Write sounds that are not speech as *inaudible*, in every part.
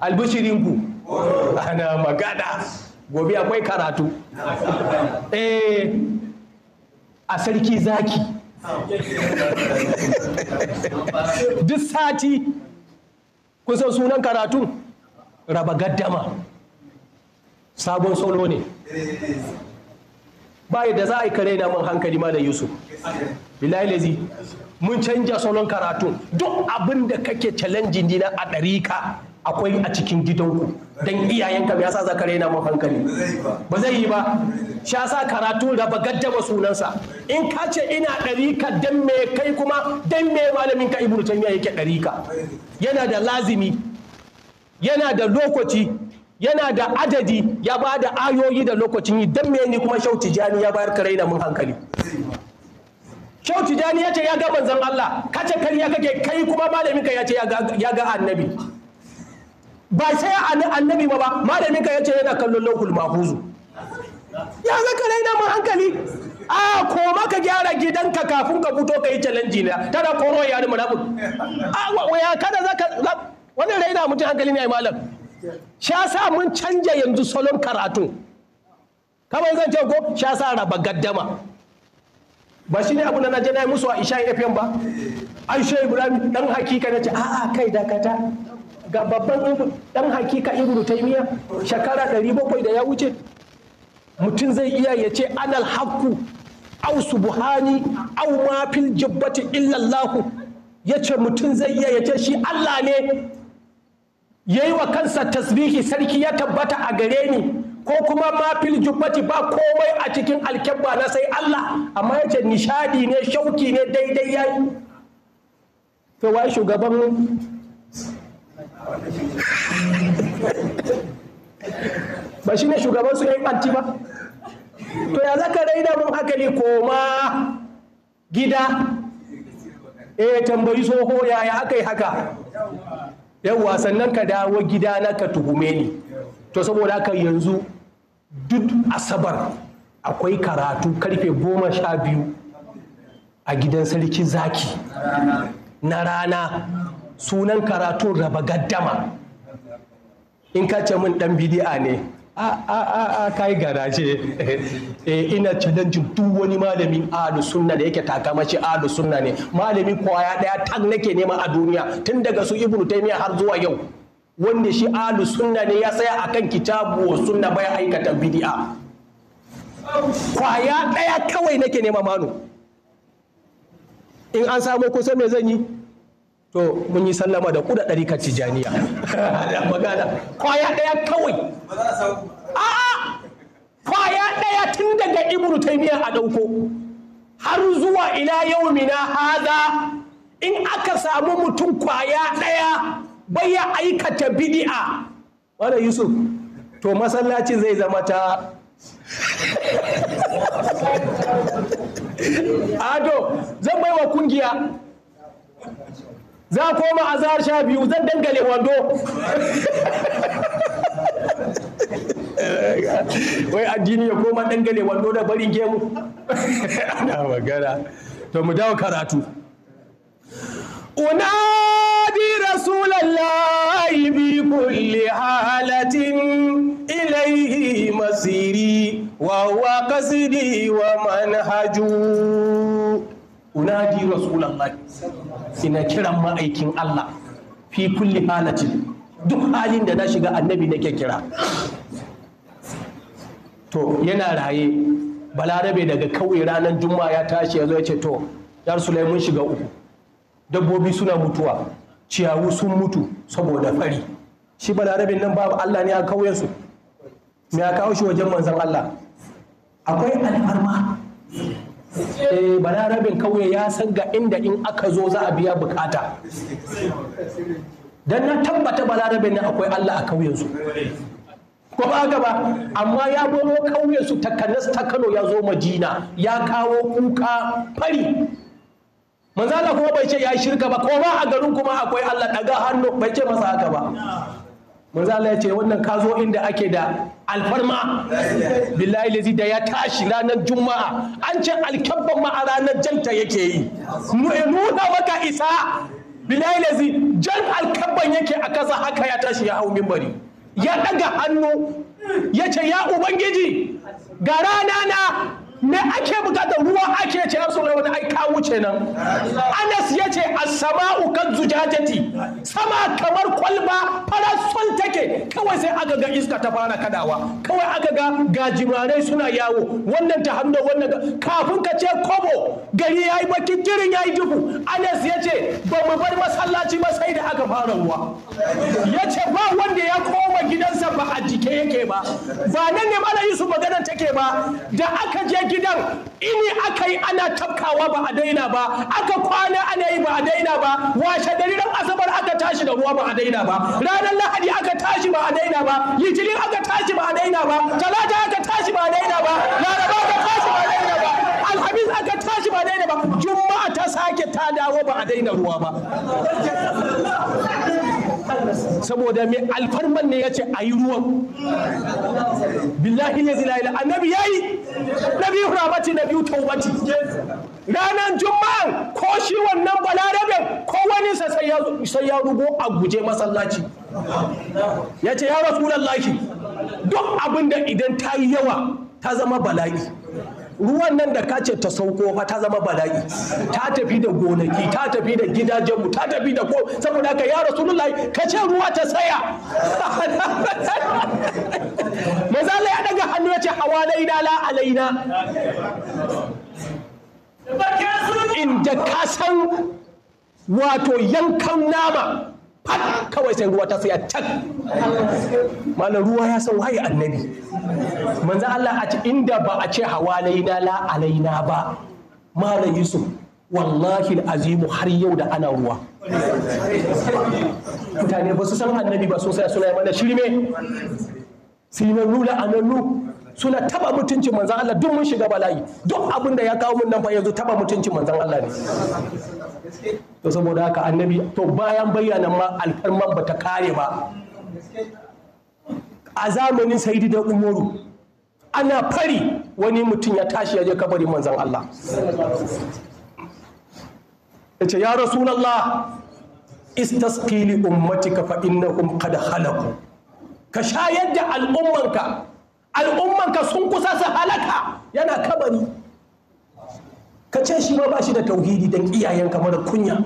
albishirinku oh. ana magana gobe akwai karatu *laughs* eh a sarki zaki *laughs* duk sati kusan sunan karatun, raba gaddama sabon solo ne ba da za a yi kare na mun hankali da yusuf bilahi mun canja salon karatun. duk abin da kake challenging dina a ɗarika akwai a cikin gidanku don iyayenka ya sa ka raina mun hankali ba zai yi ba sha sa karatu da raba gaddaba sunansa in ka ce ina ɗarika don me kai kuma don me malamin ka ibnu taymiya yake ɗarika yana da lazimi yana da lokaci yana da adadi ya ba da ayoyi da lokacin yi don me ni kuma shauti jani ya bayar ka raina mun hankali Kyau Jani ya ce ya ga manzon Allah, kace kariya kake kai kuma malamin ka ya ce ya ga annabi. ba sai annabi ba ba malamin ka yace yana kallon lokul mahuzu ya zaka raina mun hankali a koma ka gyara gidanka kafin ka fito ka yi challenge na tana koro ya ni munafik a ya kada zaka wannan na mutum hankali ne ai malam sha sa mun canja yanzu salon karatu kamar zan ce ko sha sa raba gaddama ba shi ne abu na naje na yi musu a isha fm ba an ibrahim dan hakika na ce a'a kai dakata ga babban ɗan hakika ibnu taymiya shekara 700 da ya wuce mutum zai iya ya ce anal haqqu au subhani au ma fil jibbati illa ya ce mutum zai iya ya ce shi allah ne yayi wa kansa tasbihi sarki ya tabbata a gare ni ko kuma ma fil ba komai a cikin alkyabba na sai Allah amma ya ce nishadi ne shauki ne daidai yayi to wai shugaban ba shi ne shugabansu yi ɓanti ba to ya zaka raina mun hankali koma gida eh tambayi soho yaya aka yi haka yawwa sannan ka dawo gida na ka tuhume ni to saboda haka yanzu duk asabar akwai karatu karfe goma sha biyu a gidan sarki zaki na rana sunan karatu raba gaddama in ka ce min dan bidi'a ne a a a a kai garaje *laughs* eh, ina challenge duk wani malamin ahlu sunna da yake takamashi ahlu sunna ne malami kwaya daya tag nake nema a duniya tun daga su ibnu taymiya har zuwa yau wanda shi ahlu sunna ne ya tsaya akan kitabu wa sunna bai aikata bidi'a kwaya daya kawai nake nema manu in an samu kusa me zan yi to mun yi sallama da kuda ɗari kan tijaniya *laughs* magana kwaya ɗaya kawai a'a kwaya ɗaya tun daga ibnu taymiya a ɗauko har zuwa ila mina haza in aka samu mutum kwaya ɗaya bai ya aikata bidi'a wala yusuf to masallaci zai zama ta *laughs* ado zan wa kungiya za koma a zahar sha biyu zan dangale wando wai addini ya koma dangale wando da barin gemu ana magana to mu dawo karatu unadi rasulallahi bi kulli halatin ilaihi masiri wa huwa wa manhaju unadi rasulullah ina kiran ma'aikin Allah fi kulli halatin duk halin da na shiga annabi nake kira to yana raye balarabe daga kauye ranar juma'a ya tashi ya zo ya ce to yar mun shiga uku dabbobi suna mutuwa ciyawu sun mutu saboda fari shi balarabin nan babu allah ne a kauyensu me ya kawo shi wajen manzon allah akwai alfarma Eh, balarabin kauye ya san ga inda in aka zo za a biya bukata don na tabbata balarabin ne akwai allah a kauyensu ko ba gaba amma ya bolo kauyensu takanas ta kano ya zo majina, ya kawo kuka fari manzala kuma bai ce ya shirka ba ko ba a garin kuma akwai allah daga hannu bai ce masa haka ba manzo Allah ya ce wannan ka zo inda ake da alfarma billahi lazi da ya tashi ranar juma'a an ce alkabban ma a ranar janta yake yi nuna maka isa billahi lazi jan alkabban yake a kasa haka ya tashi ya hau mimbari ya daga hannu ya ce ya ubangiji ga rana na me ake bukatar ruwa ake ce ya wani ai ka wuce nan anas ya ce as-sama'u zujajati sama kamar kwalba farason take kawai sai aka ga iska ta fara kadawa kawai aka ga gajimare suna yawo wannan ta hannu wannan kafin ka ce kobo gari ya yi baki girin ya yi duhu anas ya ce ba mu bar masallaci ba sai da aka fara ruwa ya ce ba wanda ya koma gidansa ba a jike yake ba ba nan ne mana yusuf magana take ba da aka je gidan ini aka yi ana tafkawa ba a daina ba aka kwana ana yi ba a daina ba washe gari asabar aka tashi da ruwa ba a daina ba ranar lahadi aka tashi ba a daina ba litinin aka tashi ba a daina ba talata aka tashi ba a daina ba laraba aka tashi ba a daina ba alhamis aka tashi ba a daina ba juma'a ta sake ta dawo ba a daina ruwa ba saboda mai alfarman ne ya ce a yi ruwan billahi ne ila annabi ya yi na biyu ramati na biyu taubati ranar juma'an ko shi wannan balarabin ko wani sai ya rugo a guje masallaci ya ce ya rasu lallaki duk abin da idan ta yi yawa ta zama bala'i ruwan nan da kace ta sauko fa ta zama bala'i ta tafi da gonaki ta tafi da gidajenmu ta tafi da ko saboda ka ya rasulullahi ka ce ruwa ta tsaya *laughs* maza Allah ya daga hannu ya ce hawalaina la alaina inda ka san wato yankan nama kawai sai ruwa ta tsaya tak malam ruwa ya san waye annabi manzo Allah a ce inda ba a ce hawalaina la alaina ba malam Yusuf wallahi azimu har yau da ana ruwa mutane ba su san annabi ba sosai suna mana shirme sinannu da anannu suna taba mutuncin manzan Allah duk mun shiga bala'i duk abin da ya kawo mun nan fa yanzu taba mutuncin manzan Allah ne to saboda haka annabi to bayan bayyana ma alfarman ba ta kare ba a zamanin saidi da umaru ana fari wani mutum ya tashi ya je kabarin manzan Allah ya ce ya rasulallah istasqi li ummatika fa innakum qad halaku ka shayar da al'ummanka al'ummanka sun kusa su halaka yana kabari ka ce shi ma ba shi da tauhidi don iyayen kamar kunya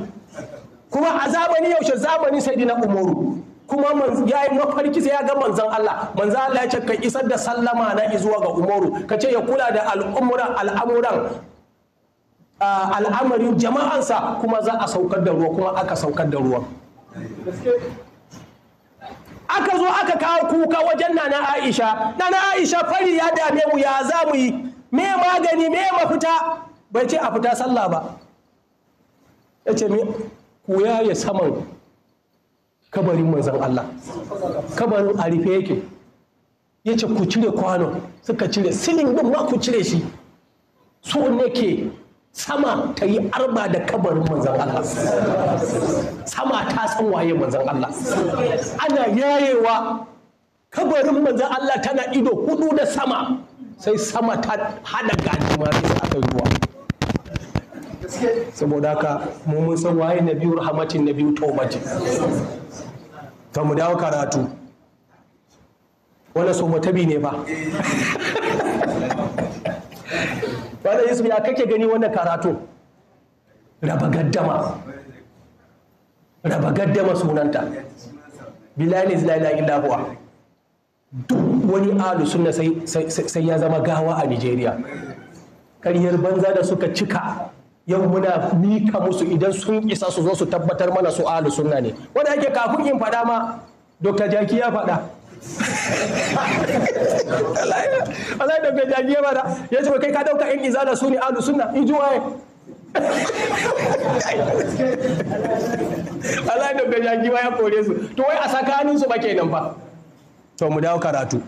kuma a zamani yaushe zamani sai na umaru kuma ya yi mafarki sai ya ga manzan Allah manzan Allah ya ce ka isar da sallama na izuwa ga umaru ka ce ya kula da al'umuran al'amuran al'amarin jama'ansa kuma za a saukar da ruwa kuma aka saukar da ruwa. aka zo aka kawo kuka wajen nana aisha nana aisha fari ya dame mu ya za mu yi me magani me mafita bai ce a fita sallah ba ya ce ku yaye saman kabarin manzan Allah kabarin a rufe yake ya ce ku cire kwano suka cire silin din ma ku cire shi su ne ke sama ta yi arba da kabarin manzan Allah sama ta san waye manzan Allah ana yayewa kabarin manzan Allah tana ido hudu da sama sai sama ta hada gajimare a aka ruwa saboda haka mun san waye na biyu rahmatin na biyu taubatin ta mu dawo karatu wannan somatabi ne fa wannan *laughs* yusuf ya kake gani wannan karatu raba gaddama raba gaddama sunanta bilani zilai lagin labuwa, duk wani alu sunna sai ya zama gawa a nigeria karyar banza da suka cika yau muna mika musu idan sun isa su zo su tabbatar mana su ahalu sunna ne wanda yake kafin in faɗa ma dokta Jaki ya faɗa Allah ya *laughs* Jaki ya faɗa ya ce kai ka dauka in da su ne ahalu sunna in ji waye Allah ya Dr. Jaki ya kore su to wai a tsakanin su ba kenan fa to mu dawo karatu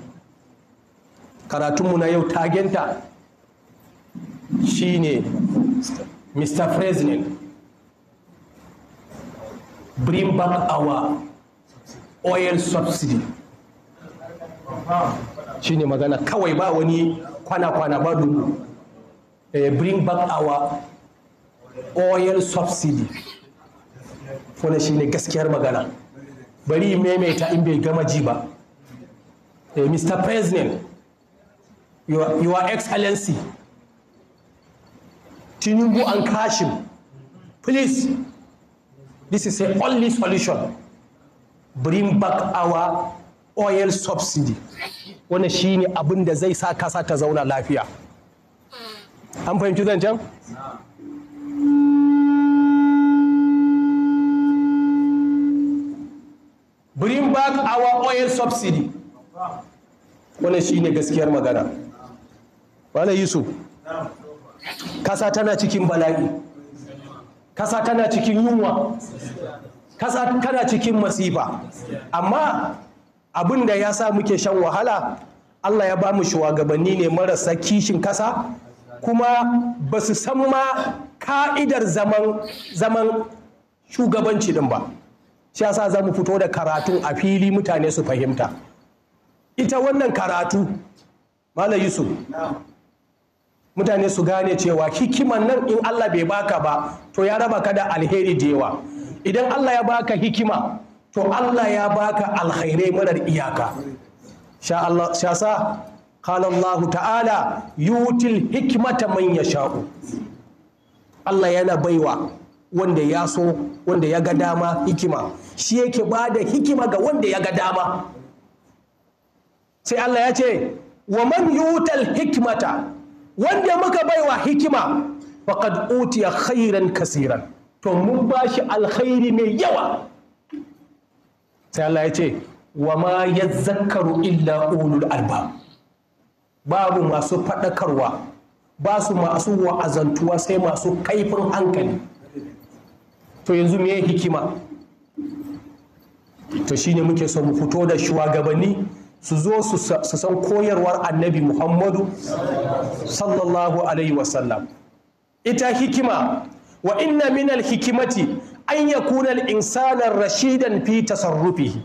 karatunmu na yau tagenta shine Mr. President, bring back our oil subsidy. Shi ne magana kawai ba wani kwana-kwana ba dubu. Eh, bring back our oil subsidy. Wani shi ne gaskiyar magana. Bari maimaita in bai gama ji ba. Eh, Mr. President, Your, Your Excellency, Tinubu and Kashim, please, this is the only solution. Bring back our oil subsidy. Wannan shi ne abin da zai sa kasa ta zauna lafiya. An fahimci zancen? Bring back our oil subsidy. Wannan shi ne gaskiyar magana. Wala Yusuf. kasa tana cikin bala'i kasa tana cikin yunwa kasa tana cikin masifa amma abin da ya sa muke shan wahala allah ya ba mu shugabanni ne marasa kishin kasa kuma ba su san ma ka'idar zaman, shugabanci din ba shi yasa za mu fito da karatun a fili mutane su fahimta ita wannan karatu malam yusuf mutane su gane cewa hikiman nan in Allah bai baka ba to ya raba ka da alheri da yawa idan Allah ya baka hikima to Allah ya baka alkhairai marar iyaka sha Allah sha sa qala Allah ta'ala yutil hikmata man yasha'u Allah yana baiwa wanda ya so wanda ya ga dama hikima shi yake ba da hikima ga wanda ya ga dama sai Allah ya ce wa man yutal hikmata wanda muka baiwa hikima faqad utiya khairan kasiran to mun bashi alkhairi mai yawa sai Allah ya ce wa ma zakaru illa ulul alba babu masu faɗakarwa ba su masu wa'azantuwa sai masu kaifin hankali to yanzu me hikima to shine muke so mu fito da shugabanni su zo su san koyarwar annabi muhammadu sallallahu alaihi wasallam ita hikima wa inna minal hikimati an ya al insanar rashidan fi tasarrufihi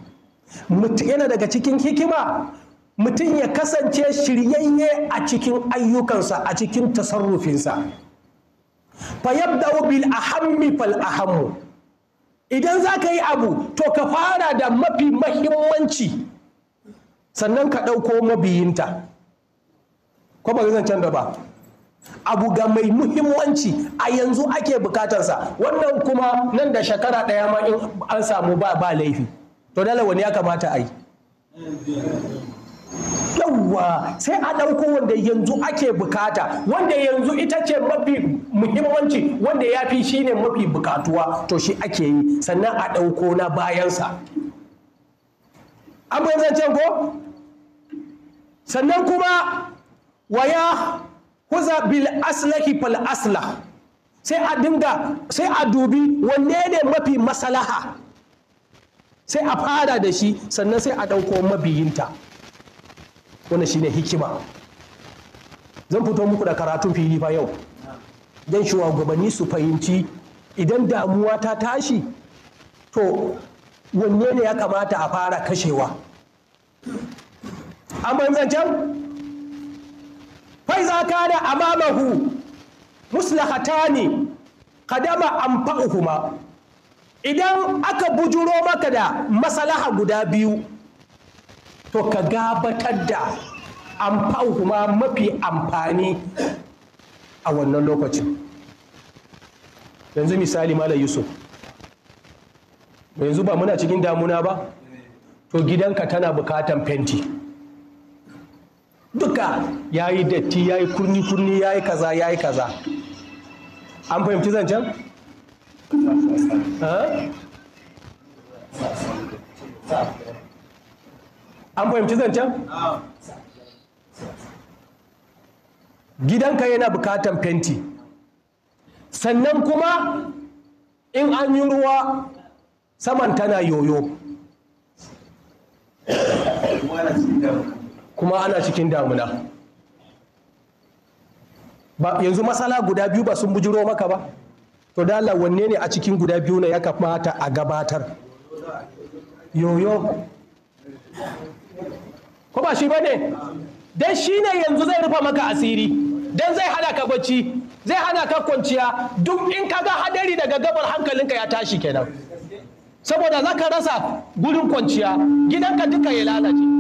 yana daga cikin hikima mutum ya kasance shiryayye a cikin ayyukansa a cikin tasarrufinsa fa yabda'u bil ahammi fal ahammu idan za ka yi abu to ka fara da mafi mahimmanci sannan ka ɗauko mabiyinta ko ba zan canza ba abu ga mai muhimmanci a yanzu ake bukatarsa wannan kuma nan da shekara ɗaya ma in an samu ba laifi to dala wani ya kamata a yi yawwa sai a ɗauko wanda yanzu ake bukata wanda yanzu ita ce mafi muhimmanci wanda ya fi shine mafi bukatuwa to shi ake yi sannan a ɗauko na bayansa zan zancen ko sannan kuma waya huza bil aslahi fal asla sai a dinga sai a dubi wanne ne mafi masalaha sai a fara da shi sannan sai a ɗauko mabiyinta shi shine hikima zan fito muku da karatun fili fa yau don shugabanni su fahimci idan damuwa ta tashi to wanne ne ya kamata a fara kashewa an fai zaka da amamahu muslahatani kadama anfa'uhuma idan aka bujuro maka da masalaha guda biyu to ka gabatar da anfa'uhuma mafi amfani a wannan lokacin yanzu misali malam yusuf yanzu ba muna cikin damuna ba to gidanka tana bukatan fenti duka ya yi datti ya yi kurni-kurni ya yi kaza ya yi kaza an fahimci zancen? an fahimci zancen? gidanka yana bukatan fenti sannan kuma in an yi ruwa saman tana yoyo kuma ana cikin damuna ba yanzu matsala guda biyu ba sun bujiro maka ba to dala wanne ne a cikin guda biyu na ya kamata a gabatar yoyo ko ba shi ba ne don shi ne yanzu zai rufa maka asiri don zai hana ka bacci zai hana ka kwanciya duk in ka ga hadari daga gabar hankalinka ya tashi kenan saboda za ka rasa gudun kwanciya gidanka duka ya lalace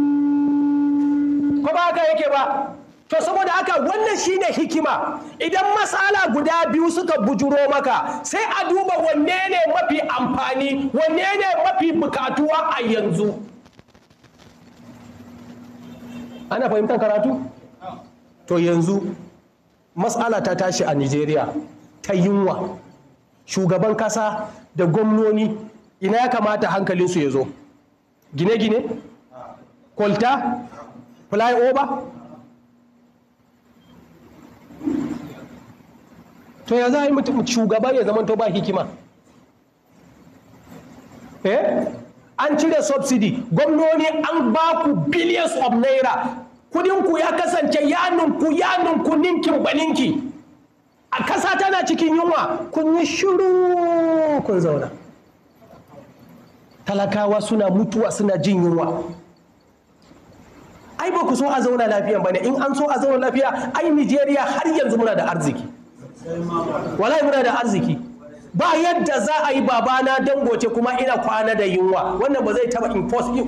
ko ba haka yake ba to saboda haka wannan shine hikima idan matsala guda biyu suka bujuro maka sai a duba wanne ne mafi amfani wanne ne mafi bukatuwa a yanzu ana fahimtar karatu to yanzu matsala ta tashi a nigeria ta yunwa shugaban kasa da gwamnoni ina ya kamata hankalinsu ya zo gine-gine kwalta flyover to ya za a yi mutum shugaba ya zama to ba hikima eh an cire subsidy gwamnoni an ba ku billions of naira kudinku ya kasance ya ninku ya ninku ninkin baninki a kasa tana cikin yunwa kun yi shiru kun zauna talakawa suna mutuwa suna jin yunwa ai ba ku so a zauna lafiya bane in an so a zauna lafiya ai Nigeria har yanzu muna da arziki wallahi muna da arziki ba yadda za a yi babana dangote kuma ina kwana da yunwa wannan ba zai taba impossible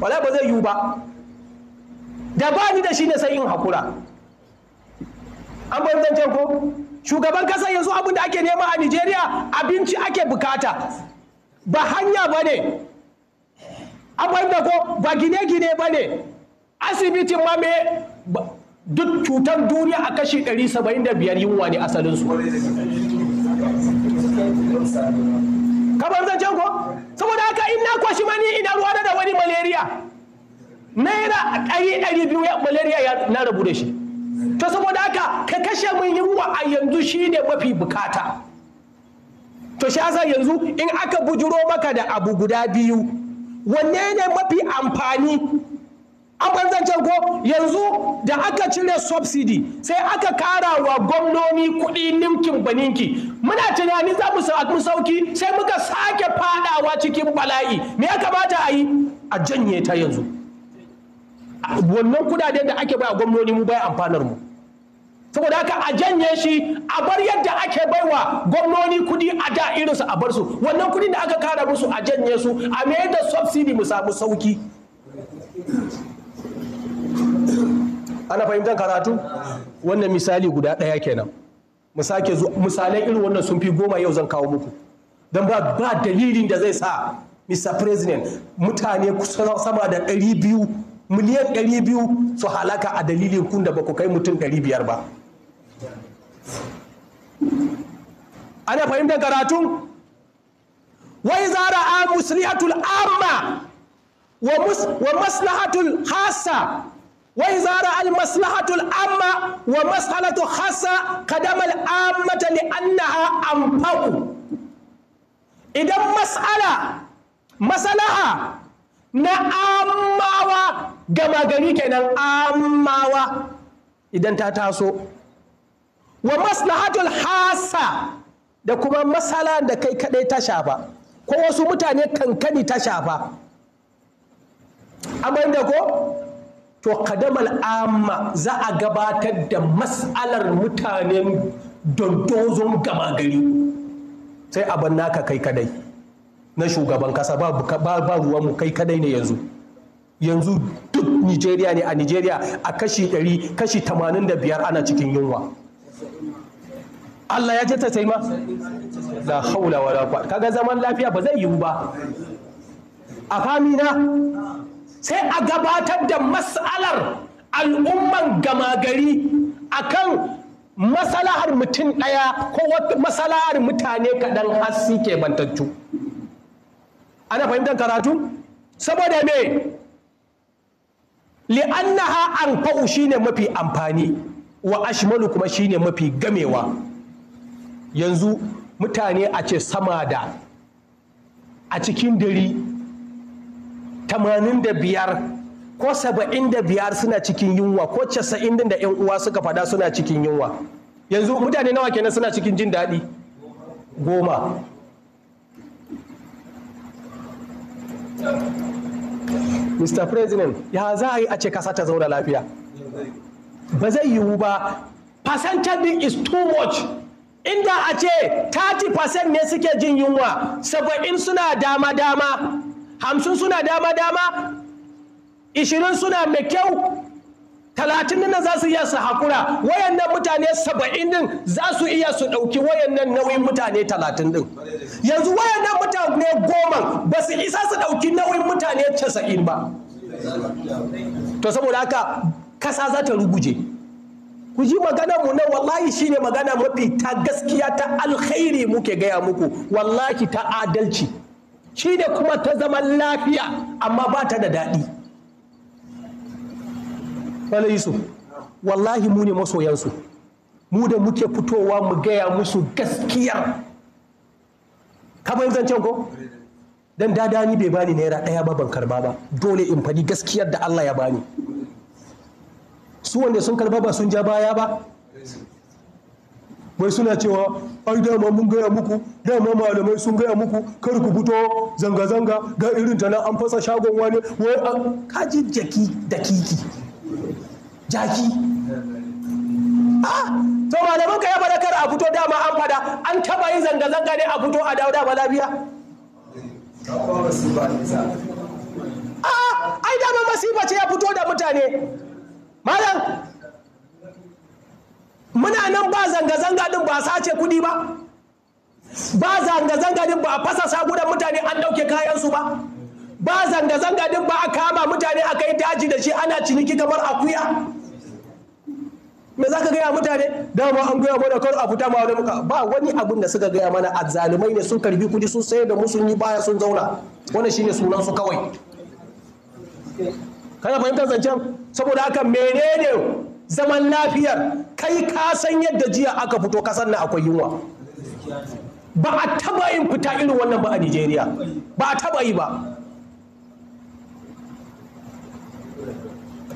wallahi ba zai yiwu ba da ba ni da shi ne sai in hakura an ba zancen ko shugaban kasa yanzu abin da ake nema a Nigeria abinci ake bukata ba hanya ba ne akwai da ko ba gine-gine ba ne asibitin ma me duk cutar duniya a kashi 175 yunwa ne asalinsu kamar zancen ko saboda haka in na kwashi mani ina ruwa da wani malaria naira ɗari ɗari biyu malaria ya na rabu da shi to saboda haka ka kashe mun yunwa a yanzu shi ne mafi bukata to shi yanzu in aka bujuro maka da abu guda biyu wanne ne mafi amfani an ko yanzu da aka cire subsidy sai aka kara wa gwamnoni kuɗi ninkin baninki muna tunanin za mu sauki sai muka sake fadawa cikin bala'i me ya kamata a yi a janye ta yanzu wannan kudaden da ake bai a gwamnoni mu bai amfanar mu saboda haka a janye shi a bar yadda ake baiwa gwamnoni kudi a da irinsu a bar su wannan kudi da aka kara musu a janye su a mai da subsidi mu samu sauki ana fahimtar karatu wannan misali guda ɗaya kenan misalai irin wannan sun fi goma yau zan kawo muku don ba ba dalilin da zai sa mr president mutane kusan sama da biyu miliyan biyu su halaka a dalilin kun da ba ku kai mutum ɗari biyar ba ana fahimtar karatu wai zara a muslihatul amma wa maslahatul hasa wai zara al maslahatul amma wa maslahatul hasa kadamal ammata li annaha anfaqu idan mas'ala masalaha na ammawa gama gari kenan ammawa idan ta taso wa maslahatul hasa da kuma masala da kai kadai ta shafa ko wasu mutane kankani ta shafa amma ko to kadamal amma za a gabatar da mas'alar mutanen dondozon gama gari sai abin naka kai kadai na shugaban kasa ba ruwan mu kai kadai ne yanzu yanzu duk nigeria ne a nigeria a kashi 100 kashi 85 ana cikin yunwa Allah ya ta sai ma haula wa rafa kaga zaman lafiya ba zai yiwu ba a famina sai a gabatar da mas'alar al'umman gama gari akan masalahar mutum ɗaya ko masalahar mutane kaɗan har ke bantattu ana fahimtar karatu saboda me li'annaha an fa'u shine mafi amfani wa ashmalu kuma shine mafi gamewa yanzu mutane a ce sama da a cikin dari tamanin da biyar ko saba'in suna cikin yunwa ko casa'in da yan uwa suka fada suna cikin yunwa yanzu mutane nawa kenan suna cikin jin daɗi goma mr president ya za a yi a ce kasa ta zauna lafiya ba zai yiwu ba percentage is too much inda a ce 30% ne suke jin yunwa saba'in suna dama-dama hamsin suna dama-dama ishirin suna mai kyau talatin nan za su iya su haƙura wayannan mutane saba'in din za su iya su ɗauki wayannan nauyin mutane talatin din yanzu wayannan mutane goma ba su isa su ɗauki nauyin mutane casa'in ba to saboda haka kasa za ta ruguje ku ji maganar mu na wallahi shine magana mafi ta gaskiya ta alkhairi muke gaya muku wallahi ta adalci shi shine kuma ta zaman lafiya amma ba ta da daɗi Yusuf wallahi mu ne masoyansu mu da muke fitowa mu gaya musu gaskiya kamar zancen ko dan dada ni bai bani naira ɗaya ba ban karba ba dole in faɗi gaskiyar da Allah ya bani su wanda sun karba ba sun ja baya ba wai suna cewa ai dama mun gaya muku dama malamai sun gaya muku kar ku fito zanga-zanga ga irin ta an fasa shagon wani wai an kaji jaki da kiki jaki a to malamin ka ya fada kar a fito dama an fada an taba yi zanga-zanga ne a fito a dawo dama lafiya a ai dama masifa ce ya fito da mutane malam muna nan ba zanga-zanga din ba sace kudi ba ba zanga-zanga din ba a fasa sabunan mutane an ɗauke kayansu ba ba zanga-zanga din ba a kama mutane a kai daji da shi ana ciniki kamar akuya me za ka gaya mutane dama an gaya mana kar a fita ma wani muka ba wani abin da suka gaya mana azzalumai ne sun karbi kudi sun sayar da musulmi baya sun zauna wannan shine sunan su kawai kana fahimtar zancen saboda haka menene zaman lafiyar kai ka san yadda jiya aka fito kasan na akwai yunwa ba a taba yin fita irin wannan ba a nigeria ba a taba yi ba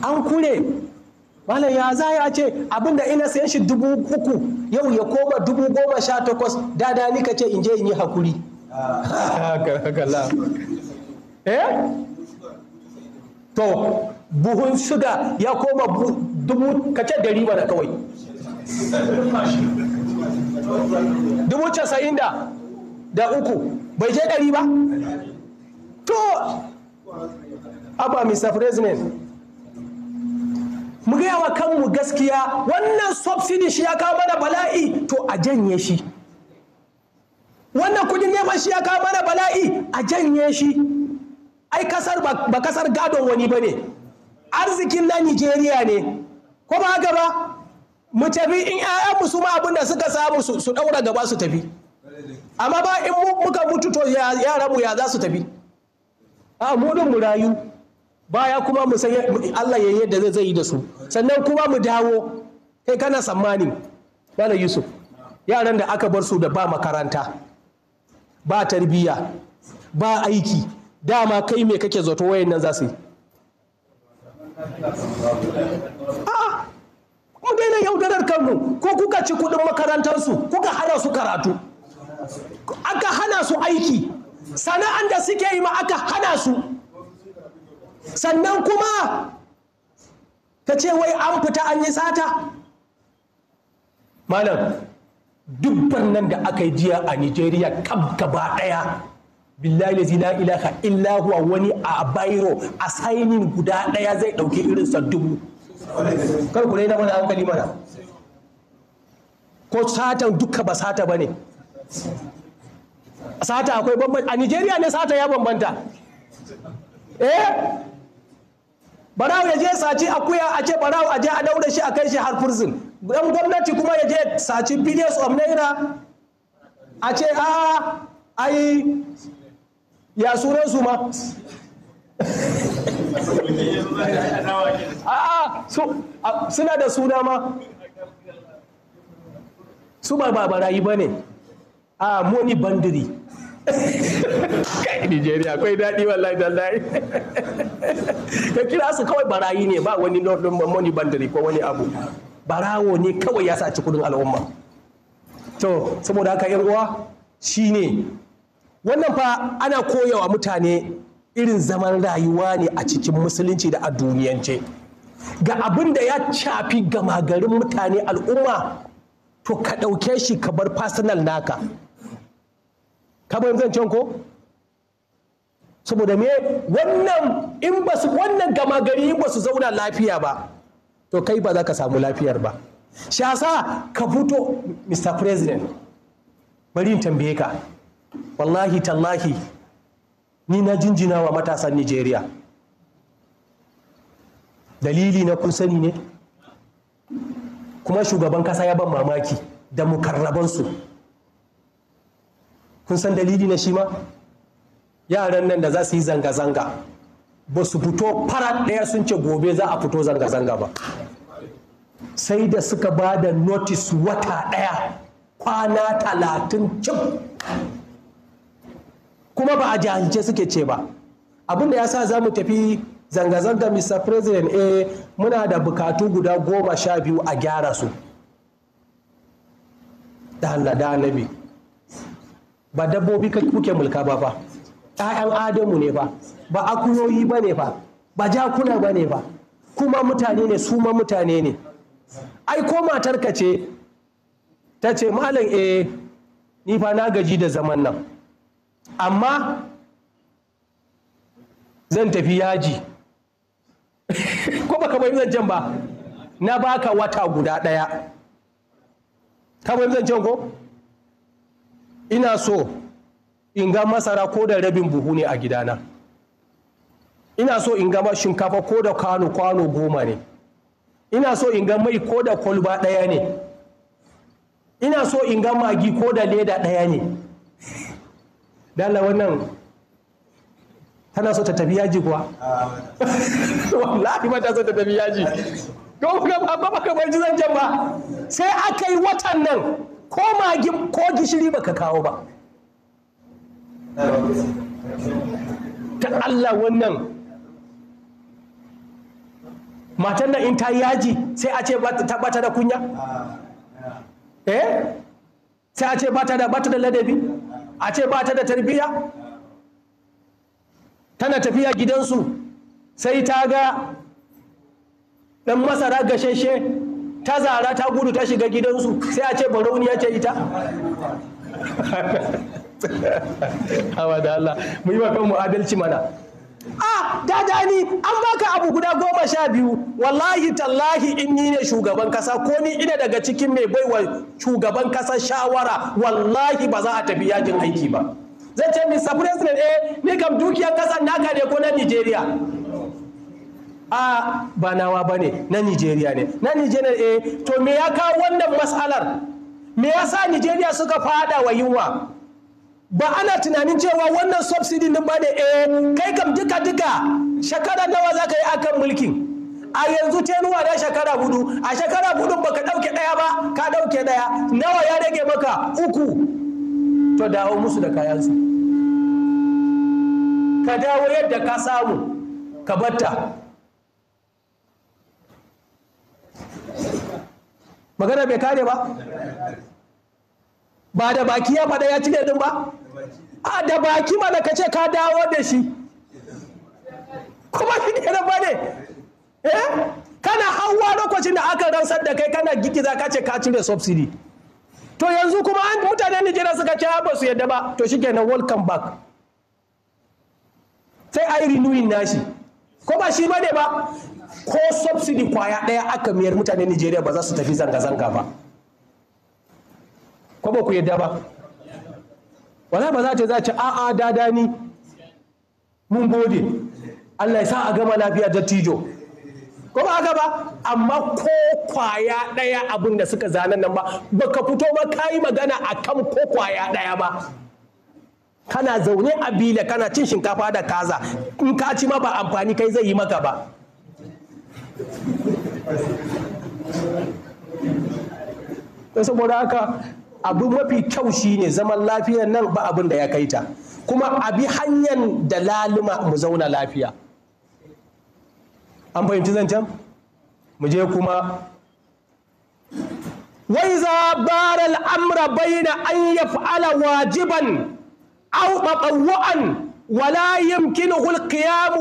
an kure malam ya za ya ce abinda ina sayan shi dubu uku yau ya koma dubu goma sha takwas dada ni ka ce in je in yi hakuri *laughs* eh to buhun suga ya koma dubu kace dari da kawai dubu casa'in da da uku bai je dari ba to abba mr president mu gaya wa kanmu gaskiya wannan subsidy shi ya kawo mana bala'i to a janye shi wannan kudin neman shi ya kawo mana bala'i a janye shi ai kasar ba kasar gadon wani ba ne arzikin na nigeria ne ko ba haka mu tafi in 'ya'yanmu su ma abin da suka samu su ɗaura gaba su tafi amma ba in muka mutu to yara mu ya za su tafi a mudun mu rayu baya kuma mu san Allah ya yadda zai yi da su sannan kuma mu dawo kai kana tsammanin, bala Yusuf yaran da aka bar su da ba makaranta ba tarbiyya ba aiki dama kai me kake zato wayannan za su yi a mu daina yaudarar kanmu ko kuka ci kuɗin makarantarsu kuka hana su karatu aka hana su aiki sana'an da suke yi ma aka hana su sannan kuma ka ce wai an fita an yi sata malam dubban nan da aka yi jiya a nijeriya kab gaba ɗaya billahi la ilaha illa huwa wani a bairo a sainin guda daya zai dauke irin sa dubu kar ku raina mana hankali mana ko satan duka ba sata bane sata akwai bambanta a Nigeria ne sata ya bambanta eh barawo ya je saci akuya a ce barawo a je a daure shi a kai shi har prison dan gwamnati kuma ya je saci su of naira a ce a'a ah, ai ya sunan su ma a'a suna da suna ma su ba barayi ba ne a moni bandiri kai nigeria akwai daɗi wallahi dallahi ka kira su kawai barayi ne ba wani moni bandiri ko wani abu barawo ne kawai ya saci kudin al'umma to saboda haka yan uwa shine wannan fa ana koyawa mutane irin zaman rayuwa ne a cikin musulunci da a duniyance ga abin da ya shafi gama garin mutane al'umma to ka ɗauke shi ka bar personal naka kamar zancen ko saboda me wannan in ba su wannan gama gari in ba su zauna lafiya ba to kai ba za ka samu lafiyar ba shasa ka fito mr president bari in tambaye ka wallahi tallahi ni na jinjina wa matasan nigeria dalili na kun sani ne kuma shugaban kasa ya ban mamaki da mukarrabansu kun san dalili na shi ma yaran nan da za su yi zanga-zanga ba su fito farat ɗaya sun ce gobe za a fito zanga-zanga ba sai da suka ba da notis wata ɗaya kwana talatin cif kuma ba a jahilce suke ce ba abin da ya sa za mu tafi zanga-zanga mr president eh muna da bukatu guda goma sha biyu a gyara su da annabi ba dabbobi kuke mulka ba fa ‘ya'yan adamu ne fa ba akuyoyi ba ne fa ba jakuna ba ne fa kuma mutane ne su mutane ne ai ko matarka ce ta ce malam eh ni fa na gaji da zaman nan amma zan tafi yaji ko baka bai zancen ba na baka wata guda ɗaya ka bai zancen ko ina so in ga masara ko da rabin buhu ne a gidana ina so in ga shinkafa ko da kwano kwano goma ne ina so in ga mai ko da kwalba ɗaya ne ina so in ga magi ko da leda ɗaya ne dala wannan tana so ta tafi yaji kuwa ah. *laughs* wallahi ba ta so ta tafi yaji ko ga ba ba ka bar jizan jan ba sai aka yi watan nan ko magi ko gishiri baka kawo ba ta Allah wannan matan nan in ta yaji sai a ce ta bata da kunya ah, eh sai a ce bata da bata da ladabi a ce ba ta da tarbiyya tana tafiya gidansu sai ta ga ɗan masara gashashe ta zara ta gudu ta shiga gidansu sai a ce ya ce ita *laughs* hawa da Allah mu yi wa kanmu adalci mana a dada ni an baka abu guda goma sha biyu wallahi tallahi in ni ne shugaban kasa ko ni ina daga cikin mai baiwa shugaban kasa shawara wallahi ba za a tafi yajin aiki ba zai ce mr president eh ni kam dukiyar kasar naka ne ko na nigeria a ba nawa ba ne na nigeria ne na nigeria eh to me ya kawo wannan matsalar me yasa nigeria suka fada wa yunwa ba ana tunanin cewa wannan subsidy din ba ne eh kai kam duka duka shekara nawa za ka yi akan mulkin a yanzu nuwa da shekara hudu a shekara hudun baka dauke daya ba ka dauke daya nawa ya rage maka uku to dawo musu da kayansu ka dawo yadda ka samu ka batta magana bai kare ba ba da baki ya faɗa ya cire din ba a da baki mana ka ce ka dawo da shi kuma shi ne ba ne eh kana hawa lokacin da aka ransar da kai kana gigiza ka ce ka cire subsidy to yanzu kuma an mutanen Nijeriya suka ce ba su yadda ba to shi nan welcome back sai a yi renewing nashi ko ba shi ba ne ba ko subsidy kwaya ɗaya aka miyar mutanen Nijeriya ba za su tafi zanga-zanga ba ko ba ku yadda ba wala ba za ta za ta a'a dada ni mun gode Allah ya sa a gama lafiya dattijo ko ba haka ba amma ko kwaya ɗaya abin da suka zanen nan ba baka fito ba ka magana a kan ko kwaya ɗaya ba kana zaune a bila kana cin shinkafa da kaza in ka ci ma ba amfani kai zai yi maka ba saboda haka abu mafi kyau shine zaman lafiyar nan ba abin da ya kai ta kuma abi hanyar da laluma mu zauna lafiya an fahimci zancen mu je kuma wai za baral amra baina an fa'ala wajiban aw wala ولا يمكنه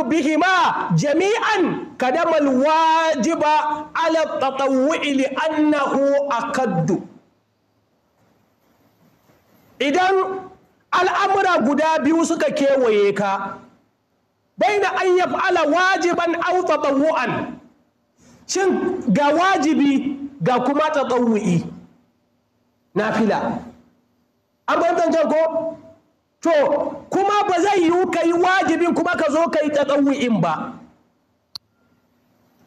bihima jami'an جميعا كدم ala على التطوع annahu أقد idan al'amura guda biyu suka kewaye ka bai da an fa’ala wajiban auta tatawu'an shin ga wajibi ga kuma na fila? an bambanta ko to kuma ba zai yiwu ka yi wajibin kuma ka zo ka yi ta tatawu'in ba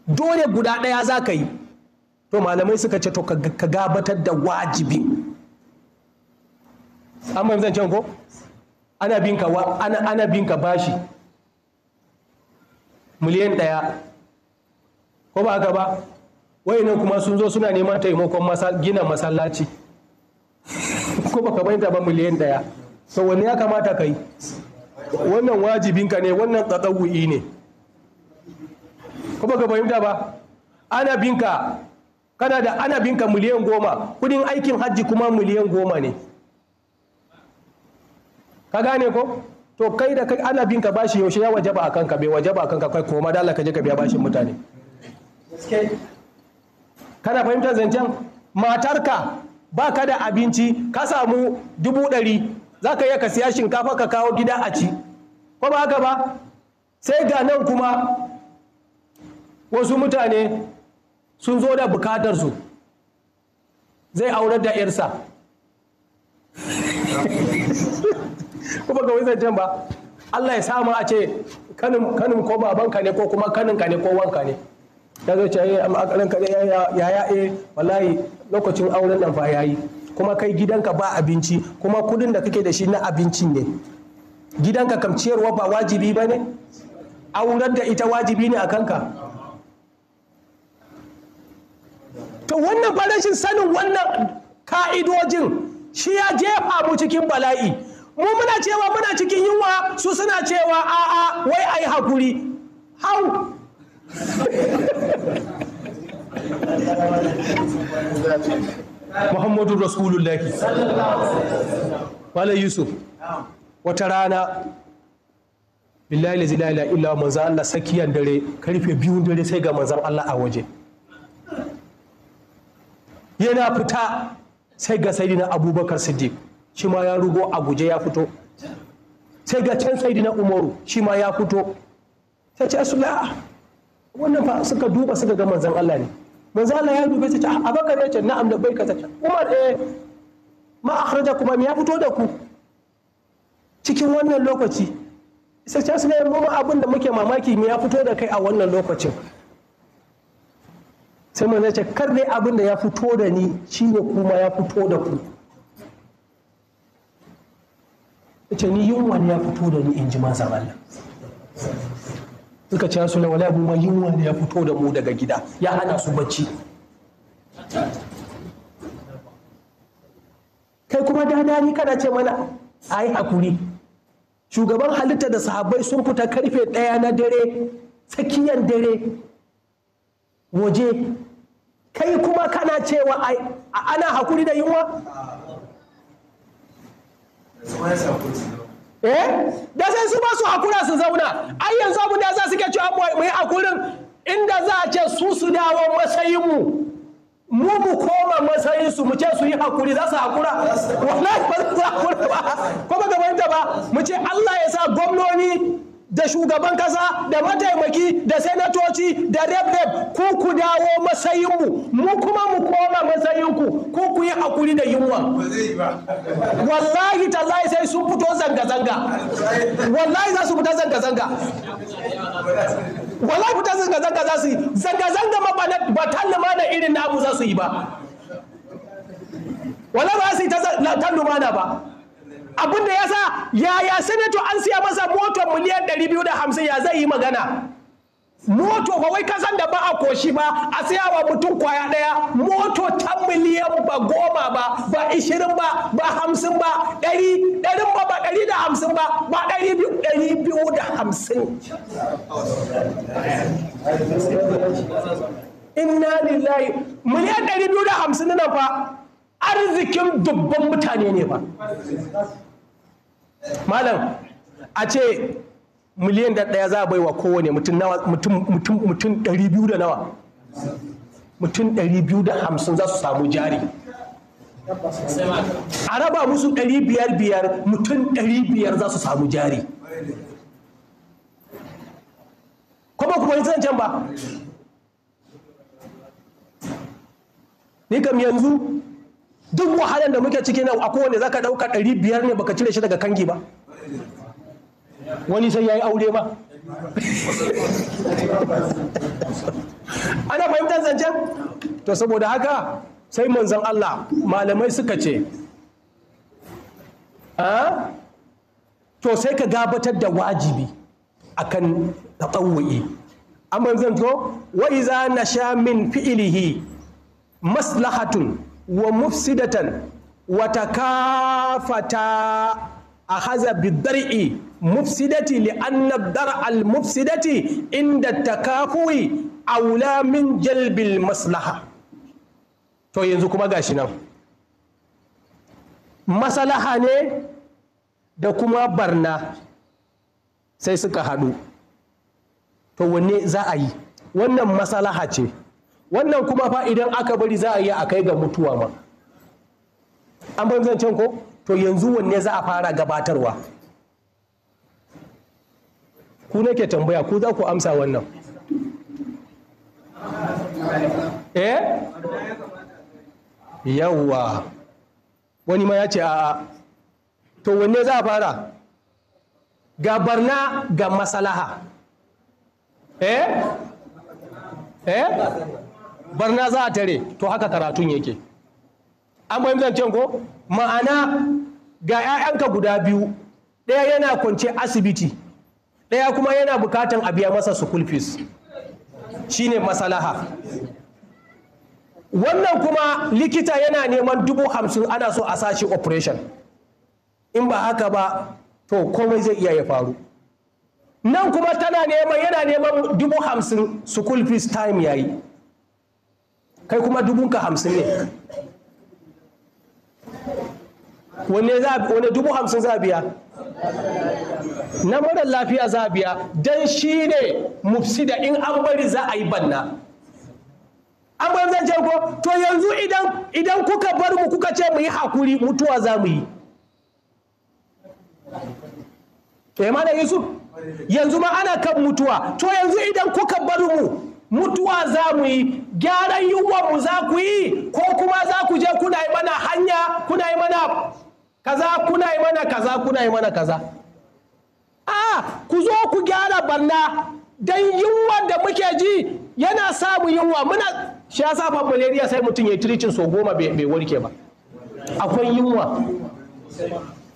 dole guda ɗaya za ka yi to malamai suka ce to ka gabatar da wajibin an bai zancen ko ana binka ana binka bashi miliyan ɗaya ko ba haka ba wayannan kuma sun zo suna neman taimakon gina masallaci *laughs* ko ba ka bayyana ba miliyan ɗaya so wanne ya kamata ka yi wannan wajibinka ne wannan tsatsawu'i ne ko ka fahimta ba ana binka kana da ana binka miliyan goma kudin aikin hajji kuma miliyan goma ne ka gane ko to kai da kai ana bin ka bashi yaushe ya wajaba a kanka bai wajaba a kanka kai ko ma Allah ka je ka biya bashin mutane kana fahimtar zancen matarka ba ka da abinci ka samu dubu ɗari za ka iya ka siya shinkafa ka kawo gida a ci ko ba haka ba sai ga nan kuma wasu mutane sun zo da bukatarsu zai aurar da 'yarsa *laughs* kuma ga wani jan ba Allah ya samu a ce kanin ko babanka ne ko kuma kanin ka ne ko wanka ne ya zai ce eh, ya makarin ka ya ya eh wallahi lokacin auren nan fa yayi kuma kai gidanka ba abinci kuma kudin da kake da shi na abinci ne gidanka kam ciyarwa ba wajibi ba ne auren da ita wajibi ne a kanka to wannan farashin sanin wannan ka'idojin shi ya jefa mu cikin bala'i mu muna cewa muna cikin yunwa su suna cewa a'a wai a yi hakuri hau *laughs* muhammadu rasulullahi malam yusuf wata rana billahi la zilala illa manzan allah sakiyan dare karfe biyun dare sai ga manzan allah a waje yana fita sai ga na abubakar siddiq shi ma ya rugo a guje ya fito sai ga can sai na umaru shi ma ya fito sai ce su la'a wannan fa suka duba suka ga manzan Allah ne manzan Allah ya dube sai ce abakar ah, ne ce na'am da bai ta ce umar eh ma akhraja kuma ya fito da ku cikin wannan lokaci sai ce su la'a mu abin da muke mamaki me ya fito da kai a wannan lokacin sai manzan ce kar dai abin da ya fito da ni shine kuma ya fito da ku ce ni yunwa ne ya fito da ni in ji manzan Allah suka ce rasu lawala mu yunwa ne ya fito da mu daga gida ya hana su bacci kai kuma dadari kana ce mana a yi hakuri shugaban halitta da sahabbai sun fita karfe ɗaya na dare tsakiyar dare waje kai kuma kana cewa ana hakuri da yunwa eh da sai su ba su hakura su zauna ai yanzu abin da za su ke cewa mu yi hakurin inda za a ce su su dawo matsayinmu mu mu koma matsayin su mu ce su yi hakuri za su hakura wallahi ba za su hakura ba ko ba ga ba mu ce Allah ya sa gwamnoni da shugaban kasa da mataimaki da senatoci da rep ku ku dawo matsayinmu mu kuma mu koma matsayinku ku ku yi hakuri da yunwa wallahi tallahi sai sun fito zanga-zanga wallahi za su fita zanga-zanga wallahi fita zanga-zanga za su yi zanga-zanga ma ba tallama da irin namu za su yi ba wallahi ba su yi ta lumana da ba abin da ya sa yaya sanato an siya masa motar miliyan 250 ya zai yi magana moto kawai wai kasan da ba a koshi ba a siya wa mutum kwaya daya moto ta miliyan ba goma ba ba ishirin ba ba hamsin ba ɗari ɗarin ba ba ɗari da hamsin ba ba ɗari biyu ɗari biyu da hamsin inna lillahi miliyan ɗari biyu da hamsin na fa arzikin dubban mutane ne ba malam a ce miliyan da ɗaya za a baiwa kowane mutum mutum ɗari biyu da nawa mutum ɗari biyu da hamsin za su samu jari a raba musu ɗari biyar biyar mutum ɗari biyar za su samu jari kuma kuma yi can ba ni kam yanzu duk wahalar da muke ciki nan a kowane za ka ɗauka ɗari biyar ne baka cire shi daga kangi ba wani sai ya yi aure ba ana fahimtar zancen to saboda haka sai manzan Allah malamai suka ce ah? to sai ka gabatar da wajibi akan tsawo'i amma zan to wa na sha min fi'lihi maslahatun wa mufsidatan wa takafata akhadha bidar'i mufsidati li ad-dar'a al-mufsidati inda takafui aula min jalbil maslaha to yanzu kuma gashi nan maslaha ne da kuma barna sai suka hadu, to wanne za a yi wannan maslaha ce wannan kuma fa idan aka bari za a iya a kai ga mutuwa ma an bar zancen ko to yanzu wanne za a fara gabatarwa ku nake tambaya ku za ku amsa wannan eh yawwa wani ma ya ce a to wanne za a fara ga barna ga masalaha eh eh barna za a tare to haka karatun yake an bayan zancen ko ma'ana ga 'ya'yanka guda biyu ɗaya yana kwance asibiti ɗaya kuma yana bukatan a biya masa school fees shine masalaha wannan kuma likita yana neman dubu hamsin ana so a sashi operation in ba haka ba to komai zai iya ya faru nan kuma tana neman yana neman dubu hamsin school fees time yayi kai kuma ka hamsin ne wane dubu hamsin za biya na marar lafiya za biya don shi ne mufsida in an bari za a yi banna an bari zan ko to yanzu idan kuka bar mu kuka ce mu yi hakuri mutuwa za mu yi ke eh, mana yusuf yanzu ma ana kan mutuwa to yanzu idan kuka bar mu mutuwa za mu yi gyaran yiwuwa mu za ku yi ko kuma za ku je kuna yi mana hanya kuna yi mana kaza kuna yi mana kaza kuna yi mana kaza a ku zo ku gyara barna don yunwa da muke ji yana samu yunwa muna shi ya sa malaria sai mutum ya yi tiricin so goma bai warke ba akwai yunwa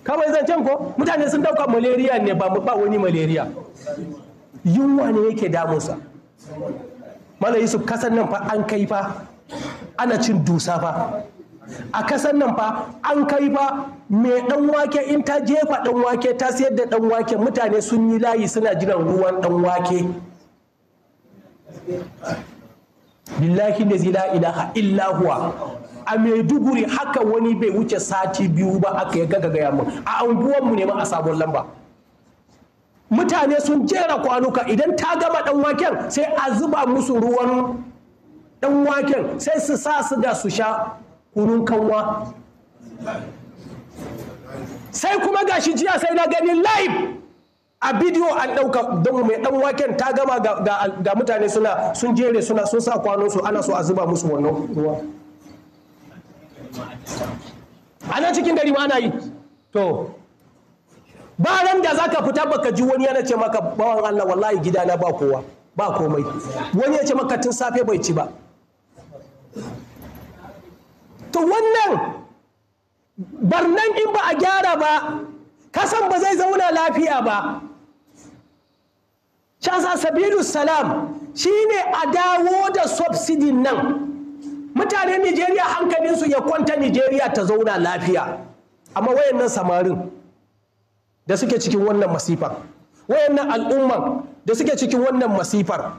kawai zancen ko mutane sun dauka malaria ne ba wani malaria yunwa ne yake damunsa mala yusuf kasan nan fa an kai fa ana cin dusa fa a kasan nan fa an kai fa mai dan wake in ta jefa dan wake ta sayar da dan wake mutane sun yi layi suna jiran ruwan dan wake billahi la ilaha illa huwa a maiduguri haka wani bai wuce sati biyu ba aka ya ga gaya mun a anguwanmu ne ma a sabon lamba mutane sun jera kwanuka idan ta gama dan waken sai a zuba musu ruwan dan waken sai su sa su ga su sha kunun kanwa sai kuma gashi jiya sai na gani live a bidiyo an ɗauka don mai ɗan waken ta gama ga mutane suna sun jere suna sun sa kwanonsu ana so a zuba musu wannan ruwa ana cikin gari ma ana yi to ba ran da zaka fita baka ji wani yana ce maka bawan Allah wallahi gidana ba kowa ba komai wani ya ce maka tun safe bai ci ba to wannan barnan in ba a gyara ba kasan ba zai zauna lafiya ba shasa sabilu salam shine a dawo da subsidin nan mutane nigeria hankalinsu ya kwanta nigeria ta zauna lafiya amma wayannan samarin da suke cikin wannan masifar wayannan al'umman da suke cikin wannan masifar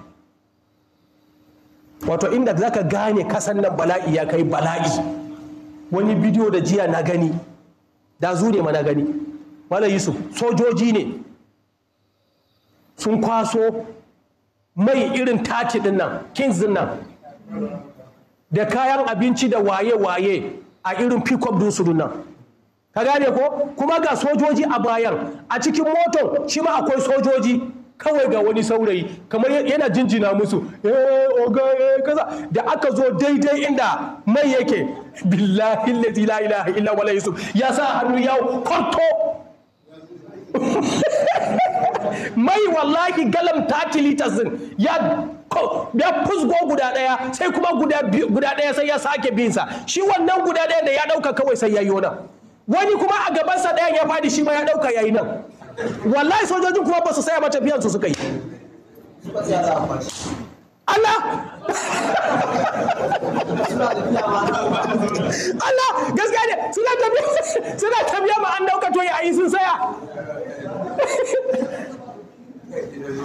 wato inda zaka gane kasan nan bala'i ya kai bala'i wani bidiyo da jiya na gani da zure na gani mala yusuf sojoji ne sun kwaso mai irin tati din nan kings nan da kayan abinci da waye-waye a irin pick-up dinsu nan ka gane ko kuma ga sojoji a bayar a cikin motar shi ma akwai sojoji kawai ga wani saurayi kamar yana jinjina musu eh, eh, da aka zo daidai inda mai yake billahi allazi la ilaha illa wala yusuf ya sa hannu ya korto *laughs* mai wallahi galam 30 liters din ya ya fusgo guda daya sai kuma guda ɗaya daya sai ya sake bin sa shi wannan guda daya da ya dauka kawai sai ya yona wani kuma a gabansa ɗayan ya faɗi shi ma ya ɗauka yayi nan wallahi sojojin kuma ba su saya matafiyan su suka yi Allah Allah gaskiya ne suna tafiya suna tabi ma an dauka to yayi sun saya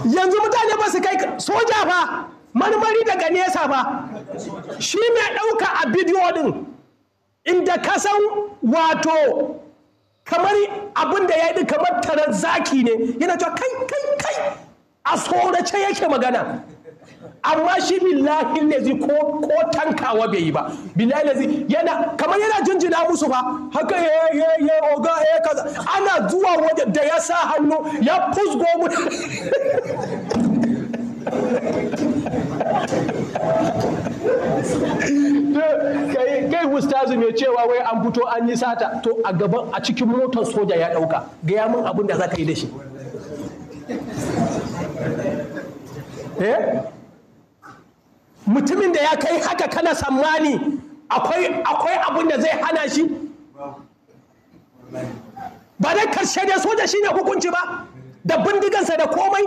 yanzu mutane ba su kai soja ba marmari daga nesa ba shi mai ɗauka a bidiyo din inda ka san wato kamar abin da ya yi kamar tarar zaki ne yana cewa kai kai kai a tsorace yake magana amma shi billahi zai ko ko tankawa bai yi ba billahi ne yana kamar yana jinjina musu ba haka ye eh, ye eh, ye eh, oga ye kaza ana zuwa waje da ya sa hannu ya fusgo mu *laughs* kai ustazin ya cewa wai an fito an yi sata to a gaban a cikin motar soja ya dauka gaya min abin da za ka yi da shi eh? mutumin da ya kai haka kana sammani akwai abin da zai hana shi ba dai karshe da soja shine hukunci ba da bindigansa da komai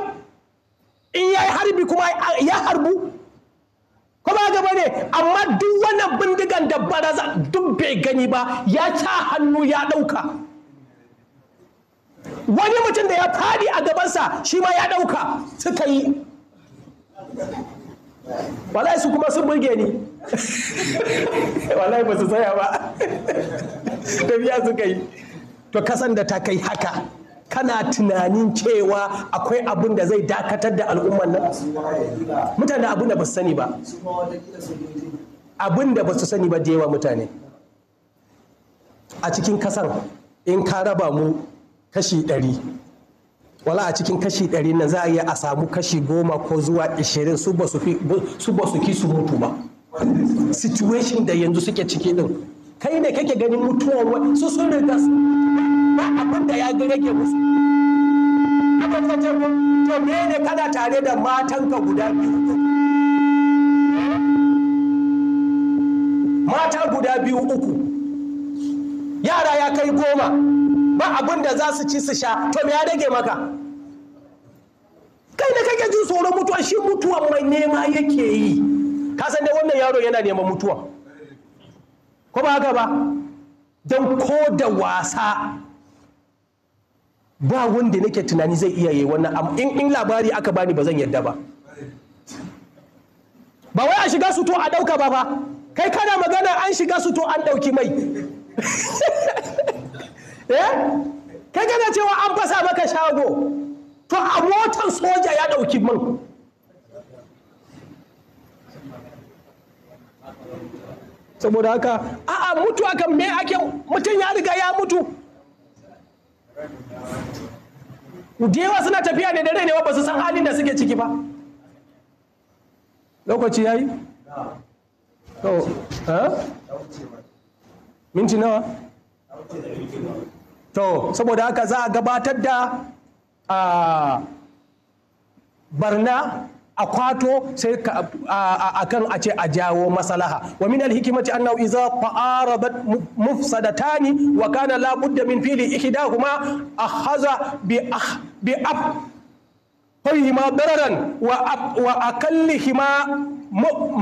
in ya yi harbi kuma ya harbu ba ba gaba ne amma duk wannan bindigan da baraza duk bai gani ba ya ca hannu ya ɗauka wani mutum da ya faɗi a gabansa shi ma ya ɗauka suka yi wallahi su kuma sun burge ni *laughs* wallahi ba su tsaya ba *laughs* tafiya suka yi to kasan da ta kai haka kana tunanin cewa akwai abin da zai dakatar da al'ummar nan mutane abin da ba su sani ba abin da ba su sani ba da yawa mutane a cikin kasan in ka raba mu kashi ɗari wala a cikin kashi ɗari nan za a iya a samu kashi goma ko zuwa ishirin su ba su ki su mutu ba situation da yanzu suke ciki din kai ne kake ganin mutuwa su sun riga wanda ya musu to me ne kana tare da matanka guda biyu mata guda biyu uku yara ya kai goma ba abin da za su ci su sha to me ya rage maka kai da kake jin tsoron mutuwa shi mutuwan mai nema yake yi ka san dai wannan yaro yana neman mutuwa ko ba haka ba don ko da wasa ba wanda nake tunani zai iya yi wannan in in labari aka bani ba zan yadda ba ba wai a shiga su to a dauka ba ba kai kana magana an shiga su to an dauki mai *laughs* eh? kai kana cewa an fasa maka shago to a motar soja ya dauki man saboda haka a'a mutu akan me ake mutum ya riga ya mutu da yawa suna tafiya ne da rai ne ba su san halin da suke ciki ba lokaci ya yi? ha minti nawa to saboda haka za a gabatar da ah, barna a kwato sai a kan a ce a jawo masalaha wa min alhikimati annahu idza ta'arabat mufsadatani wa kana la budda min fili ihdahuma akhadha bi bi ab hima dararan wa wa akallihima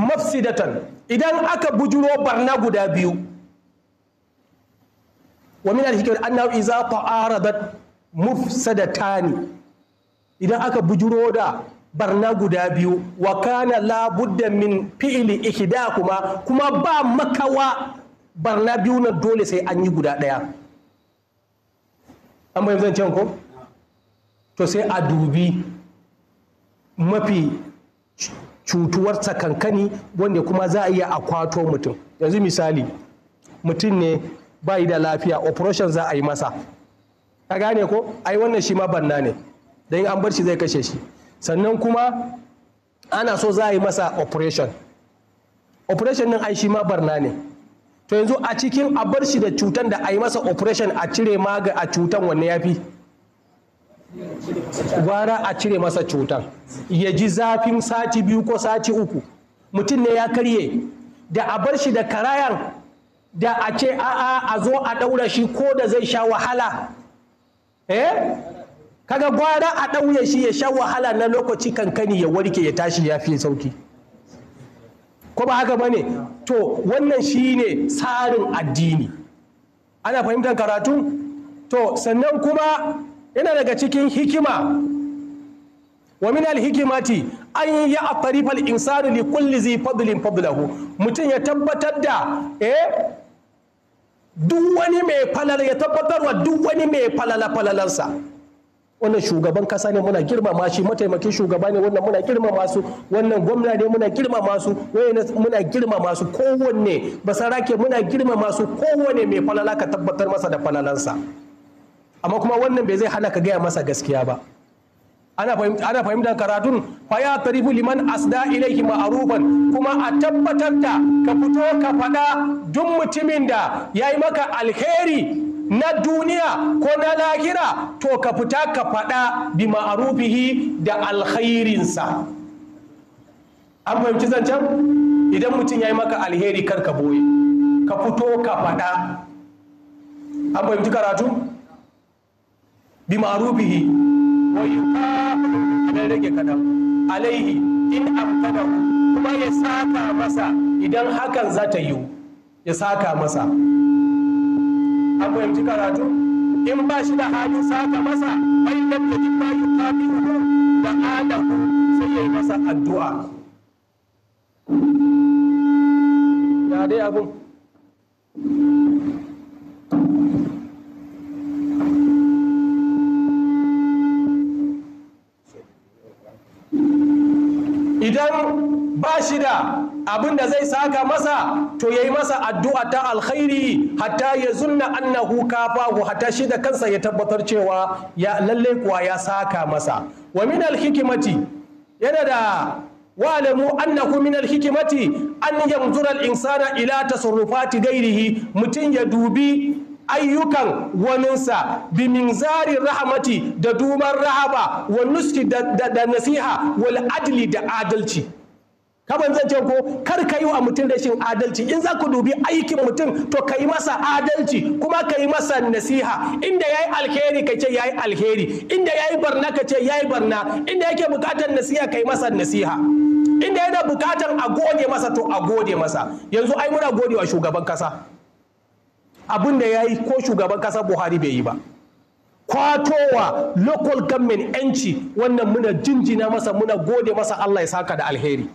mafsidatan idan aka bujuro barna guda biyu wa min alhikimati annahu idza ta'arabat mufsadatani idan aka bujuro da barna guda biyu wa kana labudda min fi'ili ikhda kuma kuma ba makawa barna biyu na dole sai an yi guda ɗaya an bayan zancen ko to sai a dubi mafi cutuwar tsakankani wanda kuma za a iya a kwato mutum yanzu misali mutum ne yi da lafiya operation za a yi masa ka gane ko ai wannan shi ma banna ne don an bar shi zai kashe shi sannan kuma ana so za a yi masa operation operation nan ai shi ma barna ne to yanzu a cikin a bar shi da cutan da a yi masa operation a cire maga a cutan wanne ya fi gwara a cire masa cutan ya ji zafin sati biyu ko sati uku mutum ne ya karye da a bar shi da karayan da a ce a'a a zo a ɗaura shi ko da zai sha wahala eh kaga gwara a ɗauye shi ya sha wahala na lokaci kankani ya warke ya tashi ya fi sauki ko ba haka bane to wannan shi ne tsarin addini ana fahimtar karatu to sannan kuma yana daga cikin hikima wa min alhikimati an ya afarifa al li kulli zai fadlin fadlahu mutum ya tabbatar da eh duk wani mai falala ya tabbatar wa duk wani mai falala falalansa wannan shugaban kasa ne muna girmama shi mataimakin shugaba ne wannan muna girmama su wannan gwamna ne muna girmama su wayannan muna girmama su kowanne basarake muna girmama su kowanne mai falala ka tabbatar masa da falalansa amma kuma wannan bai zai hana ka gaya masa gaskiya ba ana fahimtar karatun faya tarifu liman asda ilaihi ma'arufan kuma a tabbatar da ka fito ka faɗa duk mutumin da ya yi maka alheri na duniya ko na lahira to ka fita ka faɗa bi ma'arufihi da alkhairinsa an fahimci zancen idan mutum ya yi maka alheri kar ka boye ka fito ka faɗa an fahimci karatu bi ma'arufihi wai rage kadan alaihi in amfada kuma ya saka masa idan hakan za ta yiwu ya saka masa an fahimci karatu in ba shi da halin saka masa bai da ji ba yi tafi hu da adahu sai ya yi masa addu'a ya dai abun idan ba shi da abin da zai saka masa to yayi masa addu'a ta alkhairi hatta ya zunna annahu kafahu hatta shi da kansa ya tabbatar cewa ya lalle kuwa ya saka masa wa min alhikimati yana da wa'lamu annahu min alhikimati an yanzura al-insana ila tasarrufati gairihi mutum ya dubi ayyukan waninsa bi minzari rahamati da Duman rahaba wa nuski da, da nasiha wal adli da adalci kaban zan ce ko kar ka yi wa mutum rashin adalci in za ku dubi aikin mutum to ka yi masa adalci kuma ka yi masa nasiha inda ya yi alheri ka ce ya yi alheri inda ya yi barna ka ce ya yi barna inda yake bukatar nasiha ka yi masa nasiha inda yana bukatar a gode masa to a gode masa yanzu ai muna gode wa shugaban kasa abin da ya yi ko shugaban kasa buhari bai yi ba kwatowa local government 'yanci wannan muna jinjina masa muna gode masa allah ya saka da alheri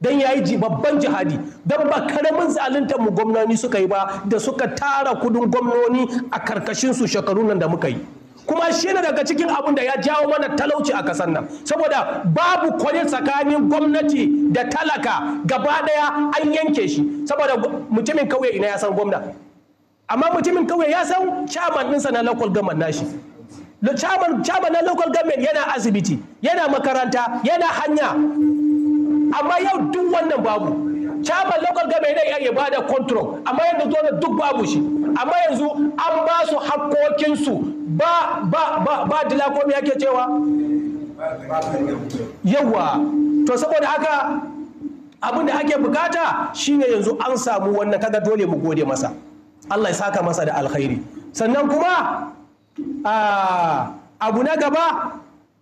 dan yayi yi babban jihadi don ba karamin zaluntar mu gwamnoni suka yi ba da suka tara kudin gwamnoni a karkashin su shekaru nan da muka yi kuma shi ne daga cikin abun da ya jawo mana talauci a kasar nan saboda babu kwale tsakanin gwamnati da talaka gaba daya an yanke shi saboda mutumin kauye ina ya san gwamna amma mutumin kauye ya san chairman ɗinsa na local government nashi chairman na local government yana asibiti yana makaranta yana hanya amma yau duk wannan babu caba local government ne ya ba da control amma yanzu dole duk babu shi amma yanzu an ba su hakkokinsu ba ba ba ba dila ko me cewa yawa to saboda haka abin da ake bukata shine yanzu an samu wannan kaga dole mu gode masa Allah ya saka masa da alkhairi sannan kuma ah, abu na gaba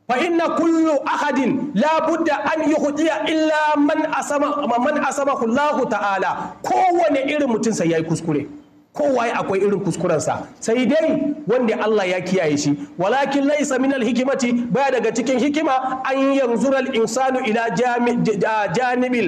fa inna kullu ahadin la budda an yuhdiya illa man asama man asamahu Allah ta'ala kowane irin mutum sai yayi kuskure kowa akwai irin kuskurensa sai dai wanda Allah ya kiyaye shi walakin laisa minal hikimati baya daga cikin hikima an yanzural insanu ila janibil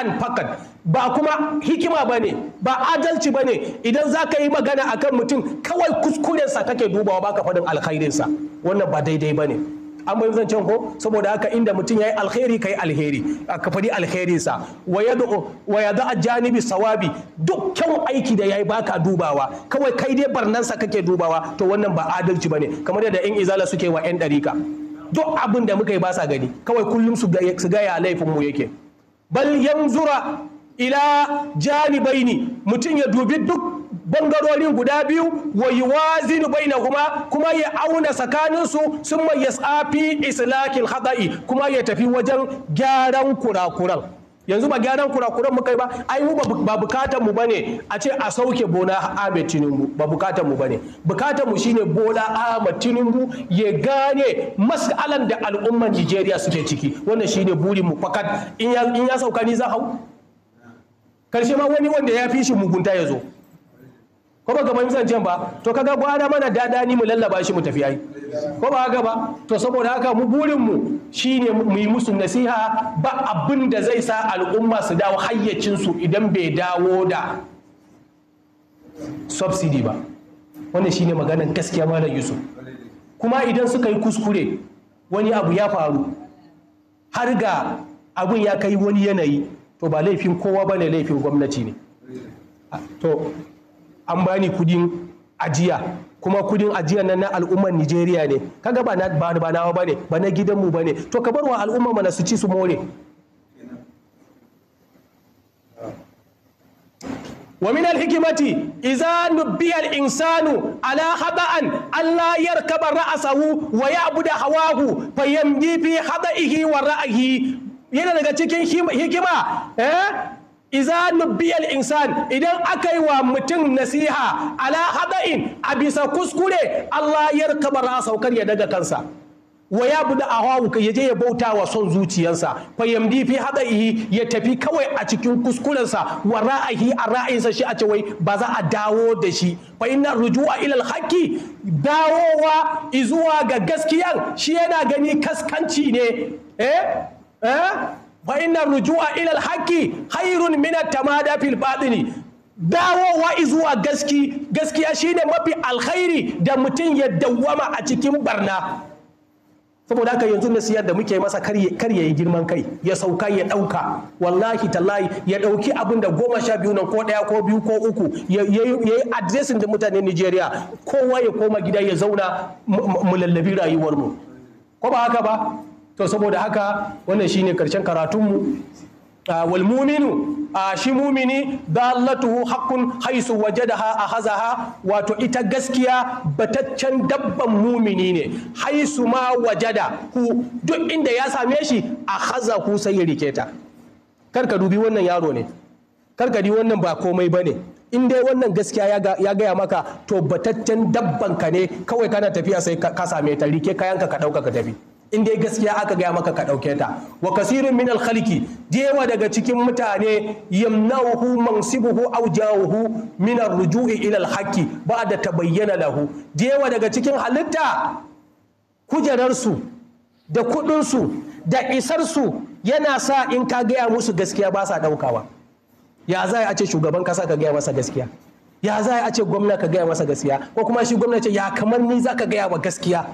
an fakat ba kuma hikima bane ba adalci bane idan za ka yi magana akan mutum kawai kuskurensa kake dubawa baka faɗin alkhairinsa wannan ba daidai bane an bai zancen ko saboda haka inda mutum ya yi alheri kai alheri ka faɗi alherin sa wa yad'u a janibi sawabi dukkan aiki da yayi baka dubawa kawai kai dai barnan kake dubawa to wannan ba adalci ba bane kamar yadda yan izala suke wa yan dariƙa duk abin da muka yi ba sa gani kawai kullum su ga ya laifin mu yake bal yanzura ila janibaini mutum ya dubi duk bangarorin guda biyu wa bai na kuma kuma ya auna tsakaninsu sun mai ya tsafi islakin hada'i kuma ya tafi wajen gyaran kurakuran yanzu ba gyaran kurakuran muka yi ba ai mu ba bukatar mu bane a ce a sauke Bola Ahmed Tinubu ba bukatar mu bane bukatar mu shine Bola Ahmed Tinubu ya gane mas'alan da al'umman Nigeria suke ciki wannan shine burin mu fakat in ya sauka ni za hau karshe ma wani wanda ya fi shi mugunta ya zo ko ba gaban zancen ba to kaga gwada mana dada ni mu lallaba shi mu tafi yi. ko ba haka ba to saboda haka mu burin mu shine mu yi musu nasiha ba abin da zai sa al'umma su dawo hayyacin su idan bai dawo da subsidy ba wannan shine maganar gaskiya malam Yusuf kuma idan suka yi kuskure wani abu ya faru har ga abun ya kai wani yanayi to ba laifin kowa bane laifin gwamnati ne to an bani kudin ajiya kuma kudin ajiya nan na al'ummar Nijeriya ne kaga ba na ba nawa bane ba na gidanmu bane to ka barwa al'ummar mana su ci su more wa min al-hikmati idza nubiya al-insanu ala khata'an alla yarkaba ra'sahu wa ya'budu hawahu fayamji fi khata'ihi wa ra'ahi yana daga cikin hikima eh iza nubiyal insan idan aka yi wa mutum nasiha ala hada'in a bisa kuskure Allah ya rkaba ra saukar ya daga kansa wa ya a hawu kai yaje ya bauta wa son zuciyarsa fa yamdi fi hada'ihi ya tafi kawai a cikin kuskurensa wa ra'ahi a ra'ayinsa shi a ce wai ba za a dawo da shi fa inna rujua ila alhaqi dawowa izuwa ga gaskiyan shi yana gani kaskanci ne eh eh wa inna rujua ila alhaqi khairun min at-tamada fil batili dawowa zuwa gaski gaskiya shine mafi alkhairi da mutum ya dawwama a cikin barna saboda haka yanzu siyar da muke masa kar ya girman kai ya sauka ya ɗauka wallahi tallahi ya ɗauki abin da goma sha biyu nan ko ɗaya ko biyu ko uku ya yi adresin da mutanen nigeria kowa ya koma gida ya zauna mu lallabi rayuwarmu ko ba haka ba to saboda haka wannan shine karshen karatunmu wal muminu shi mumini dallatuhu haqqun haisu wajadaha ahazaha wato ita gaskiya bataccen dabban mumini ne haisu ma wajada ku, duk inda ya same shi ahazahu sai ya rike ta karka dubi wannan yaro ne karka di wannan ba komai bane in dai wannan gaskiya ya gaya maka to bataccen dabbanka ne kawai kana tafiya sai ka same ta rike kayanka ka ɗauka ka tafi in dai gaskiya aka gaya maka ka ɗauke ta wa kasirin min alkhaliki jewa daga cikin mutane yamnahu mansibuhu aw jawahu min arruju'i ila alhaqi ba'da tabayyana lahu jewa daga cikin halitta kujerarsu da kuɗinsu da isarsu yana sa in ka gaya musu gaskiya ba sa daukawa ya za a ce shugaban kasa ka gaya masa gaskiya ya za a ce gwamna ka gaya masa gaskiya ko kuma shi gwamna ce ya kamar ni za ka gaya wa gaskiya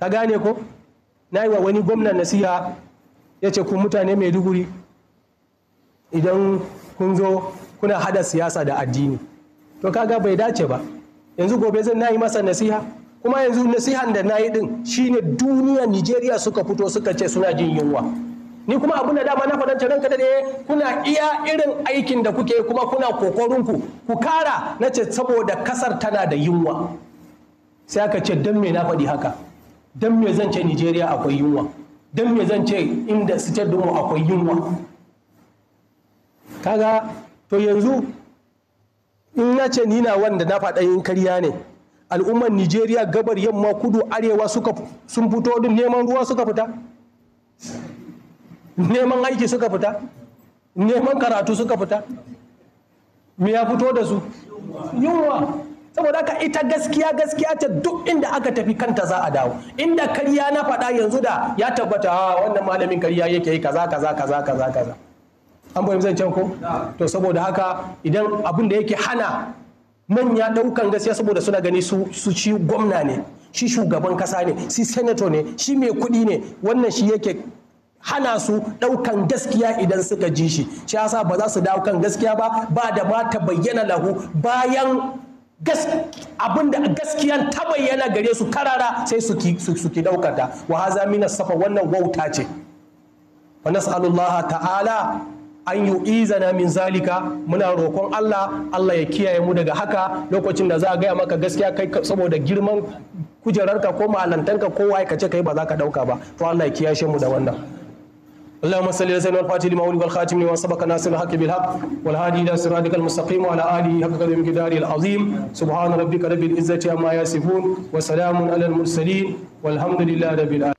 ka gane ko na yi wa wani gwamnan nasiha ya ce ku mutane mai duguri idan kun zo kuna hada siyasa da addini to kaga bai dace ba yanzu gobe zan nayi masa nasiha kuma yanzu nasihan da nayi din shine duniya Nigeria suka fito suka ce suna jin yunwa ni kuma abun da dama na faɗan ranka da kuna iya irin aikin da kuke kuma kuna kokorin ku ku kara na saboda kasar tana da yunwa sai aka ce dan me na faɗi haka don me zan ce nigeria akwai yunwa don me zan ce inda ce mu akwai yunwa kaga to yanzu in ya ce ni na wanda na faɗa yin karya ne al'ummar nigeria gabar yamma kudu arewa sun fito din neman ruwa suka fita neman aiki suka fita neman karatu suka fita me ya fito da su yunwa saboda haka ita gaskiya gaskiya ta duk inda aka tafi kanta za a dawo inda karya na faɗa yanzu da ya tabbata ah, wannan malamin karya yake yi kaza kaza kaza kaza kaza an fahimci zancen ko to saboda haka idan abin da yake hana manya ɗaukan gaskiya saboda suna gani su su ci gwamna ne shi shugaban kasa ne shi senator ne shi mai kuɗi ne wannan shi yake hana su ɗaukan gaskiya idan suka ji shi shi yasa ba za su dawo kan gaskiya ba ba da ma ta bayyana lahu bayan abinda gaskiyan ta bayyana gare su karara sai su ki daukata wa haza min safa wannan wauta ce wa nas'alullaha ta'ala an yi na min zalika muna rokon Allah Allah ya kiyaye mu daga haka lokacin da za a gaya maka gaskiya kai saboda girman kujerarka ko malantanka ko waye kace kai ba za ka dauka ba to Allah ya kiyashe mu da wannan اللهم صل على سيدنا الفاتح لما ولد والخاتم لما سبق ناصر الحق بالحق والهادي الى صراطك المستقيم وعلى اله حق قدر مقداره العظيم سبحان ربك رب العزه عما يصفون وسلام على المرسلين والحمد لله رب العالمين